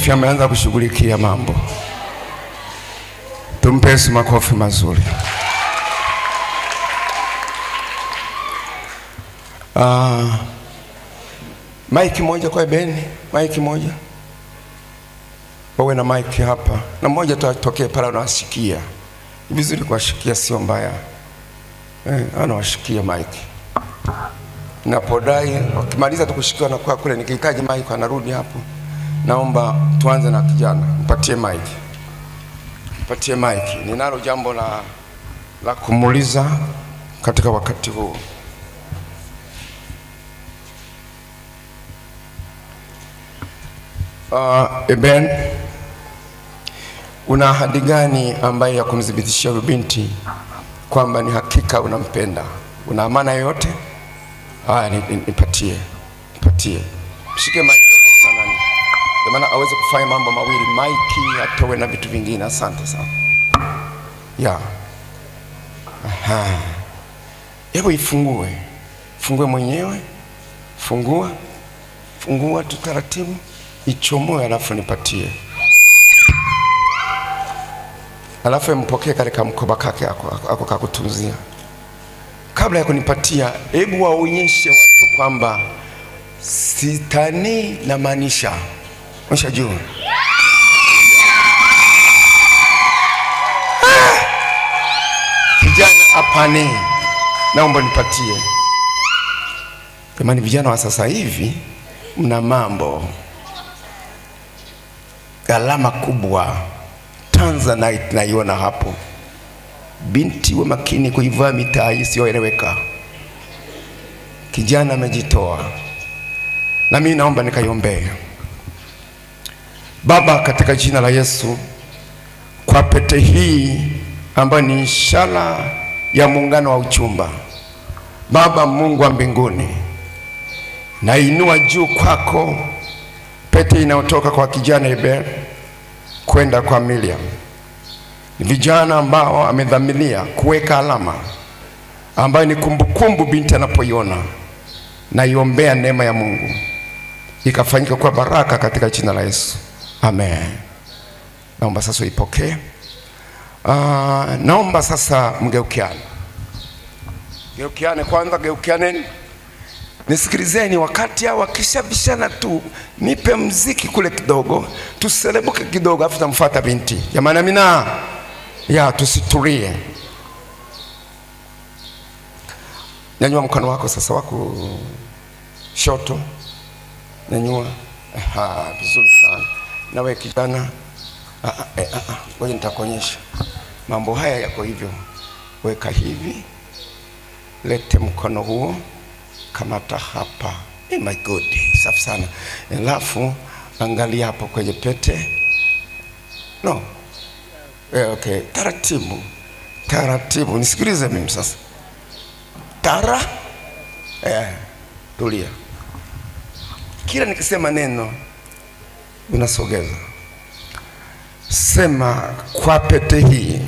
machifu ameanza kushughulikia mambo. Tumpe Yesu makofi mazuri. Uh, maiki moja kwa beni, maiki moja wawe na maiki hapa na mmoja tatokee pale, anawashikia vizuri, kuwashikia sio mbaya eh, anawashikia maiki napodai, wakimaliza tukushikia, na kwa kule, nikihitaji maiki anarudi hapo. Naomba tuanze na kijana, mpatie mic, mpatie mic. Ninalo jambo la, la kumuuliza katika wakati huu. Uh, Eben, una ahadi gani ambayo ya kumthibitishia huyu binti kwamba ni hakika unampenda? Una amana yoyote? Haya, nipatie, nipatie, mic. Ndio maana aweze kufanya mambo mawili, maiki atowe na vitu vingine. Asante sana ya aha, hebu ifungue, fungue mwenyewe, fungua fungua tu taratibu, ichomoe, alafu nipatie, alafu mpokee katika mkoba kake ako kakutunzia. Kabla ya kunipatia, hebu waonyeshe watu kwamba sitani na maanisha juu. Ah! Vijana apane, naomba nipatie. Jamani, vijana wa sasa hivi mna mambo gharama kubwa. Tanzanite naiona hapo, binti wa makini kuivaa mitaa isiyoeleweka. Kijana amejitoa, na mimi naomba nikaiombea Baba, katika jina la Yesu, kwa pete hii ambayo ni ishara ya muungano wa uchumba, Baba Mungu wa mbinguni, nainua juu kwako pete inayotoka kwa kijana Eber kwenda kwa Miriam. Ni vijana ambao amedhamiria kuweka alama ambayo ni kumbukumbu, binti anapoiona naiombea neema ya Mungu ikafanyika kwa baraka katika jina la Yesu. Amen. Naomba sasa uipokee. Uh, naomba sasa mgeukiane, geukiane kwanza, geukianeni, nisikilizeni. Wakati hao wakishabishana tu, nipe mziki kule kidogo, tuselebuke kidogo, afu tamfuata binti. Jamani, amina ya, tusitulie. Nyanyua mkono wako sasa, wako shoto, nyanyua. Aha, vizuri sana na wewe kijana, ah, ah, eh, ah, ngoja nitakuonyesha mambo haya yako hivyo. Weka hivi, lete mkono huo, kamata hapa. Hey, eh, my God, safi sana. Alafu angalia hapo kwenye pete no. Yeah, okay. Taratibu taratibu, nisikilize mimi sasa. Tara eh, tulia, kila nikisema neno unasogeza, sema kwa pete hii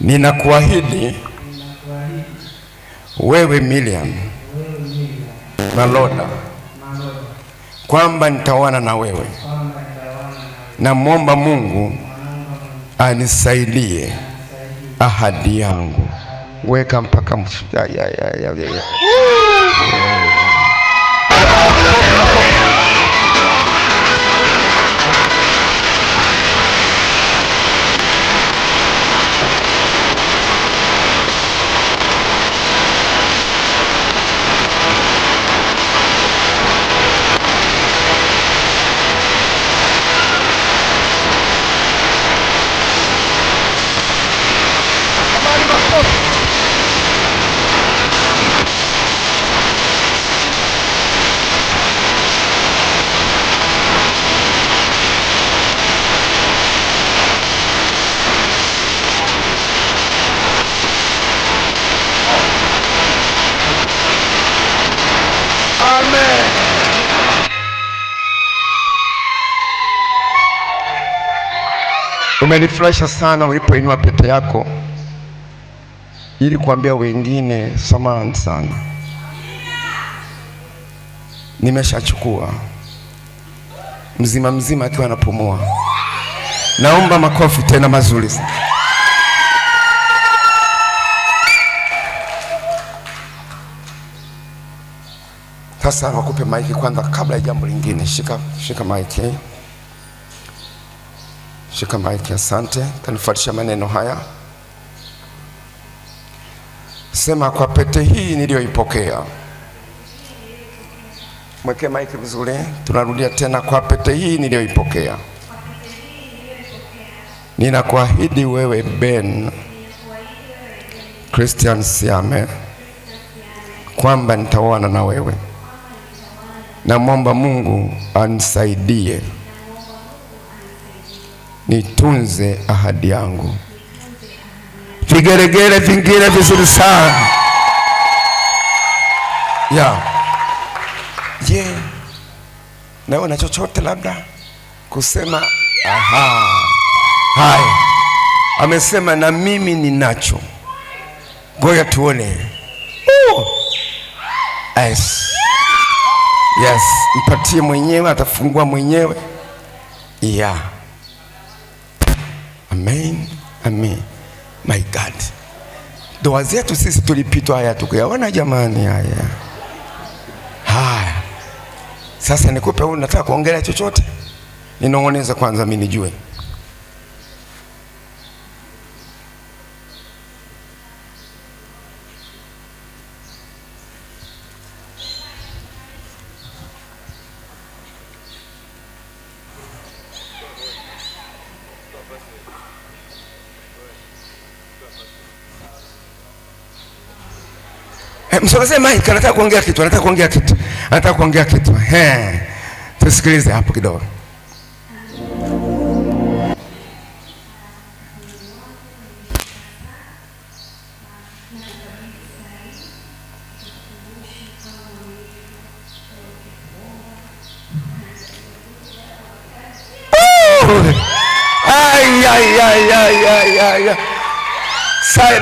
ninakuahidi wewe Miriam Maloda kwamba nitawana na wewe. Namwomba Mungu anisaidie ahadi yangu. Weka mpaka ya, ya, ya, ya, ya. Umenifurahisha sana ulipoinua pete yako ili kuambia wengine samahani sana, nimeshachukua mzima mzima akiwa anapumua. Naomba makofi tena mazuri sana. Sasa wakupe maiki kwanza, kabla ya jambo lingine. Shika, shika maiki. Shika maiki, asante. Tanifatisha maneno haya, sema kwa pete hii niliyoipokea. Mweke maiki vizuri, tunarudia tena. Kwa pete hii niliyoipokea, ninakuahidi wewe Ben Christian Siame kwamba nitaoana na wewe. Namwomba Mungu anisaidie nitunze ahadi yangu. Vigeregere vingine vizuri sana ya Yeah. Nawe na chochote labda kusema aha. Haya, amesema na mimi ninacho. Ngoja tuone. Oh. Yes. Yes, mpatie mwenyewe, atafungua mwenyewe yeah. Amen, amen. My God, ndoa zetu sisi tulipitwa haya, tukuyaona jamani, haya haya. Sasa nikupe, unataka kuongelea chochote? Ninaoneza kwanza, mimi nijue msogezee mic, anataka kuongea kitu, anataka kuongea kitu, anataka kuongea kitu. He, tusikilize hapo kidogo.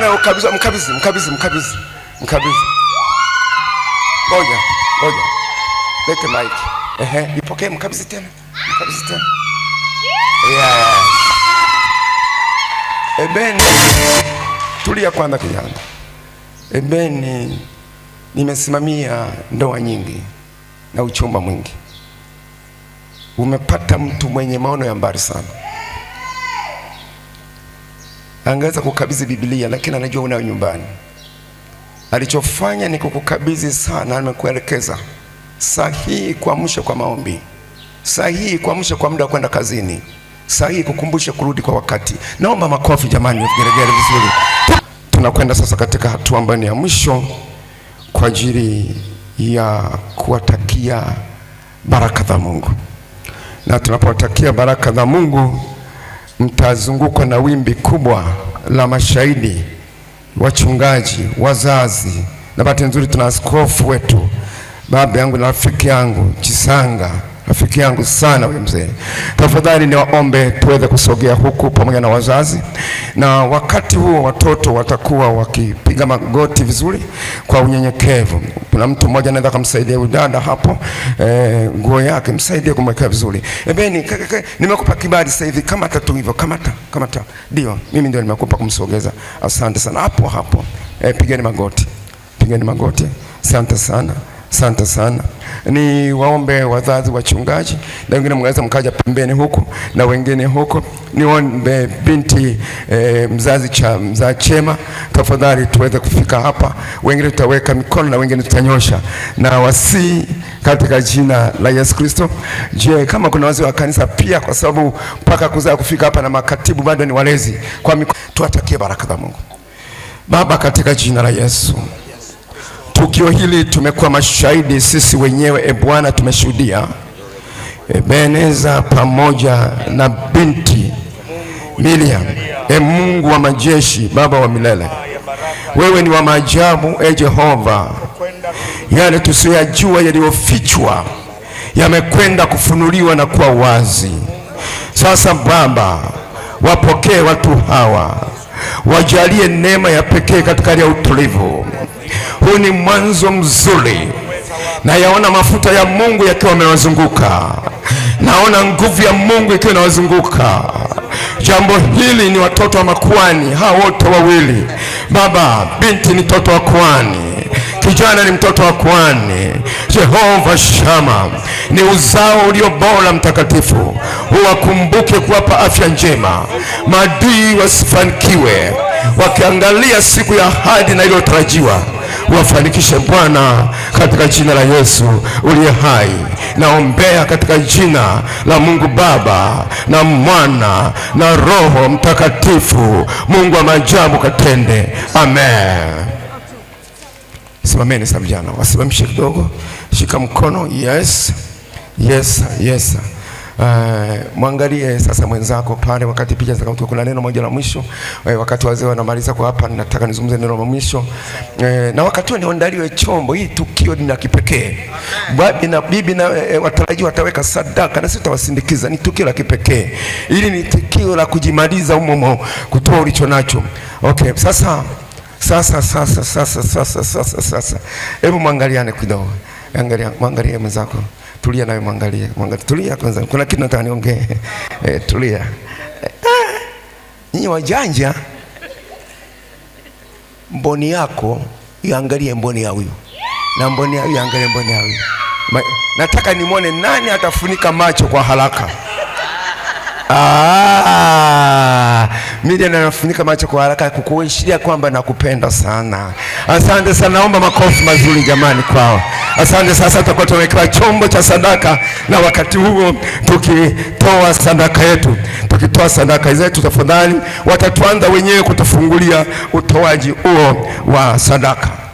na ukabizi, mkabizi, mkabizi, mkabizi, mkabizi. Ngoja, ngoja. Lete mic. Ehe, ipokee mkabidhi tena. Mkabidhi tena. Yes. Ebeni. Tulia kwanza kijana. Ebeni nimesimamia ndoa nyingi na uchumba mwingi. Umepata mtu mwenye maono ya mbali sana. Angeweza kukabidhi Biblia lakini anajua unayo nyumbani alichofanya ni kukukabidhi saa na amekuelekeza sahihi, kuamsha kwa maombi sahihi, kuamsha kwa muda wa kwenda kazini sahihi, kukumbusha kurudi kwa wakati. Naomba makofi jamani, vigeregere vizuri. Tunakwenda sasa katika hatua ambayo ni ya mwisho kwa ajili ya kuwatakia baraka za Mungu, na tunapowatakia baraka za Mungu mtazungukwa na wimbi kubwa la mashahidi wachungaji, wazazi, na bahati nzuri tuna askofu wetu baba yangu na rafiki yangu Chisanga rafiki yangu sana huyu mzee. Tafadhali niwaombe tuweze kusogea huku pamoja na wazazi, na wakati huo watoto watakuwa wakipiga magoti vizuri kwa unyenyekevu. Kuna mtu mmoja anaweza kumsaidia huyu dada hapo, eh, nguo yake msaidie kumwekea vizuri. Ebeni, nimekupa kibali sasa hivi, kamata tu hivyo, kamata, kamata. Ndio mimi ndio nimekupa kumsogeza. Asante sana hapo hapo. e, pigeni magoti, pigeni magoti. Asante sana. Asante sana. Ni waombe wazazi, wachungaji, na wengine mnaweza mkaja pembeni huku na wengine huko. Niombe binti e, mzazi cha mzaa Chema, tafadhali tuweze kufika hapa. Wengine tutaweka mikono na wengine tutanyosha, na wasii katika jina la Yesu Kristo. Je, kama kuna wazee wa kanisa pia, kwa sababu mpaka kuzaa kufika hapa na makatibu bado ni walezi kwa mikono, tuwatakie baraka za Mungu. Baba, katika jina la Yesu Tukio hili tumekuwa mashahidi sisi wenyewe, e Bwana, tumeshuhudia e Ebeneza pamoja na binti Miriam. E Mungu wa majeshi, Baba wa milele, wewe ni wa maajabu. E Jehova, yale tusiyoyajua yaliyofichwa yamekwenda kufunuliwa na kuwa wazi sasa. Baba, wapokee watu hawa, wajalie neema ya pekee katika hali ya utulivu huu ni mwanzo mzuri, na yaona mafuta ya Mungu yakiwa yamewazunguka, naona nguvu ya Mungu ikiwa inawazunguka. Jambo hili ni watoto wa makuani, hawa wote wawili, baba binti ni mtoto wa kuani kijana ni mtoto wa kuani. Jehova Shama ni uzao ulio bora, mtakatifu. Huwakumbuke kuwapa afya njema, maadui wasifanikiwe, wakiangalia siku ya ahadi na iliyotarajiwa. Wafanikishe Bwana katika jina la Yesu uliye hai. Naombea katika jina la Mungu Baba na Mwana na Roho Mtakatifu. Mungu wa maajabu katende, amen. Simameni sana vijana, wasimamishe kidogo, shika mkono. Yes, yes, yes. Eh, mwangalie sasa mwenzako pale, wakati picha kutoka. Kuna neno moja la mwisho uh, wakati wazee wanamaliza kwa hapa, nataka nizungumze neno la mwisho uh, na wakati niondaliwe chombo. Hii tukio ni la kipekee, bibi na bibi na e, watarajiwa wataweka sadaka na sisi tutawasindikiza. Ni tukio la kipekee, ili ni tukio la kujimaliza umomo, kutoa ulicho nacho. Okay, sasa sasa sasa sasa sasa sasa sasa, hebu mwangaliane kidogo, angalia, mwangalie mwenzako. Tulia nawe mwangalie, mwangalie. Tulia kwanza. Kuna kitu nataka niongee. Eh, tulia. nyinyi eh, wajanja. Mboni yako iangalie mboni ya huyu. Na mboni ya huyu iangalie mboni ya huyu. Nataka nimwone nani atafunika macho kwa haraka. Ah, Mili anafunika macho kwa haraka kukuashiria kwamba nakupenda sana. Asante sana, naomba makofi mazuri jamani kwao. Asante. Sasa tutakuwa tumewekewa chombo cha sadaka, na wakati huo tukitoa sadaka yetu, tukitoa sadaka zetu, tafadhali watatuanza wenyewe kutufungulia utoaji huo wa sadaka.